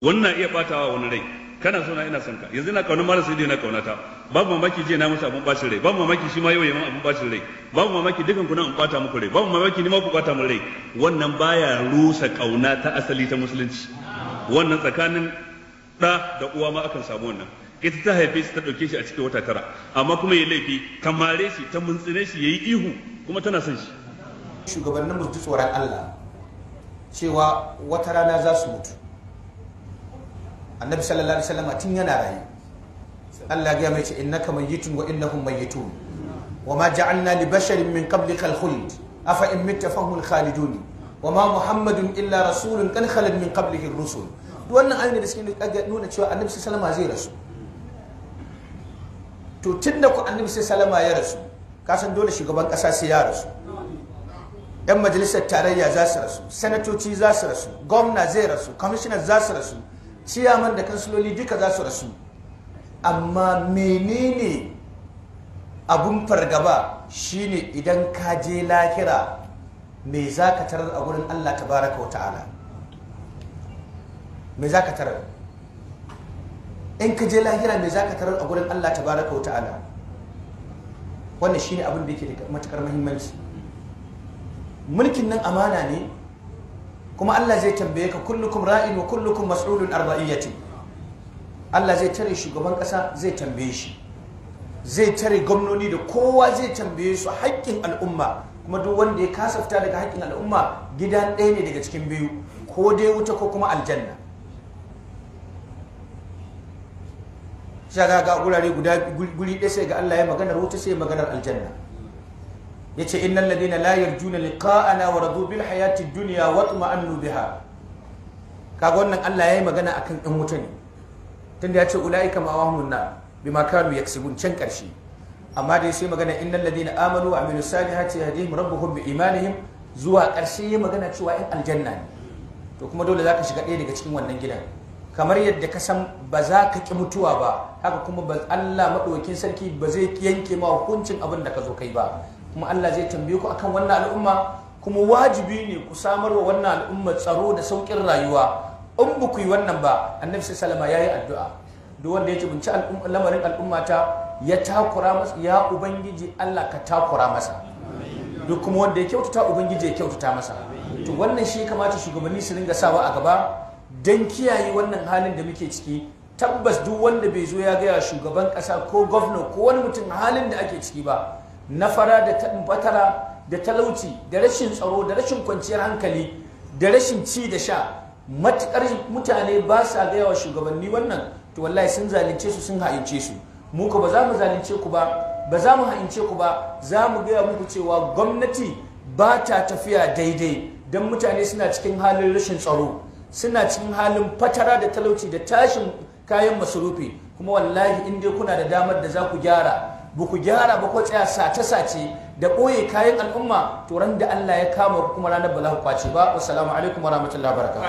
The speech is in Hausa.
wannan iya batawa wani rai kana so na ina son ka yanzu na kaunar malam sayyidi na kaunata babu mamaki je na musu abun bacin rai babu mamaki shi ma yau ya abun bacin rai babu mamaki dukan ku nan in bata muku rai babu mamaki ni ma ku bata mun rai wannan baya rusa kauna ta asali ta musulunci wannan tsakanin da da uwa ma akan samu wannan ita ta haife shi ta dauke shi a cikin wata tara amma kuma ya laifi ta mare shi ta muntsine shi yayi ihu kuma tana son shi shugabannin mu tsoron Allah cewa wata rana za su mutu annabi sallallahu alaihi wasallam tun yana rayu Allah ya mai ce innaka mayyitun wa innahum mayyitun wa ma ja'alna li basharin min qablika al-khuld afa in mitta fahum al-khalidun wa ma muhammadun illa rasulun kan khalad min qablihi ar-rusul wannan ayoyi da suke nuna cewa annabi sallallahu alaihi wasallam zai rasu to tunda ku annabi sallallahu alaihi wasallam ya rasu kasan dole shugaban kasa sai ya rasu yan majalisar tarayya za su rasu sanatoci za su rasu gwamna zai rasu kwamishinan za su rasu ciyaman da kansiloli duka za su rasu amma menene abun fargaba shine idan ka je lahira me za ka tarar a gurin Allah tabaraka wa ta'ala me za ka tarar in ka je lahira me za ka tarar a gurin Allah tabaraka wa ta'ala wannan shine abin da yake da matukar muhimmanci mulkin nan amana ne kuma Allah zai tambaye ka kullukum ra'in wa kullukum mas'ulun arba'iyati Allah zai tare shugaban kasa zai tambaye shi zai tare gwamnoni da kowa zai tambaye su haƙƙin al'umma kuma duk wanda ya kasafta daga haƙƙin al'umma gida ɗaya ne daga cikin biyu ko dai wuta ko kuma aljanna sai ga gurare guda guri ɗaya sai ga Allah ya maganar wuta sai maganar aljanna yace innal ladina la yarjuna liqa'ana wa radu bil hayati dunya wa tuma'annu biha kaga wannan Allah yayi magana akan in wuta ne tunda yace ulaika ma'awahumun na, bima kanu yaksubun can karshe amma dai sai magana innal ladina amanu wa amilus salihati yahdihim rabbuhum bi imanihim zuwa karshe yayi magana cewa in aljanna ne to kuma dole zaka shiga ɗaya daga cikin wannan gidan kamar yadda ka san ba za ka ki mutuwa ba haka kuma Allah maɗaukin sarki ba zai yanke ma hukuncin abin da ka zo kai ba kuma Allah zai tambaye ku akan wannan al'umma kuma wajibi ne ku samar wa wannan al'umma tsaro da saukin rayuwa in ba ku yi wannan ba annabi sai ya yi addu'a duk wanda ya jibinci lamarin al'ummata ya takura masa ya ubangiji Allah ka takura masa duk kuma wanda ya kyautata ubangiji ya kyautata masa to wannan shi kamata shugabanni su ringa sawa a gaba dan kiyaye wannan halin da muke ciki tabbas duk wanda bai zo ya gaya shugaban kasa ko gwamna ko wani mutum halin da ake ciki ba na fara da fatara da talauci da rashin tsaro da rashin kwanciyar hankali da rashin ci da sha matukar mutane ba sa gaya wa shugabanni wannan to wallahi sun zalunce su sun ha'ince su mu ba za mu zalunce ku ba ba za mu ha'ince ku ba za mu gaya muku cewa gwamnati ba ta tafiya daidai don mutane suna cikin halin rashin tsaro suna cikin halin fatara da talauci da tashin kayan masarufi kuma wallahi in dai kuna da damar da za ku gyara buku gyara ba tsaya sace-sace da ɓoye kayan al'umma to da Allah ya kama kuma ranar ba za ba kwace ba wassalamu alaikum wa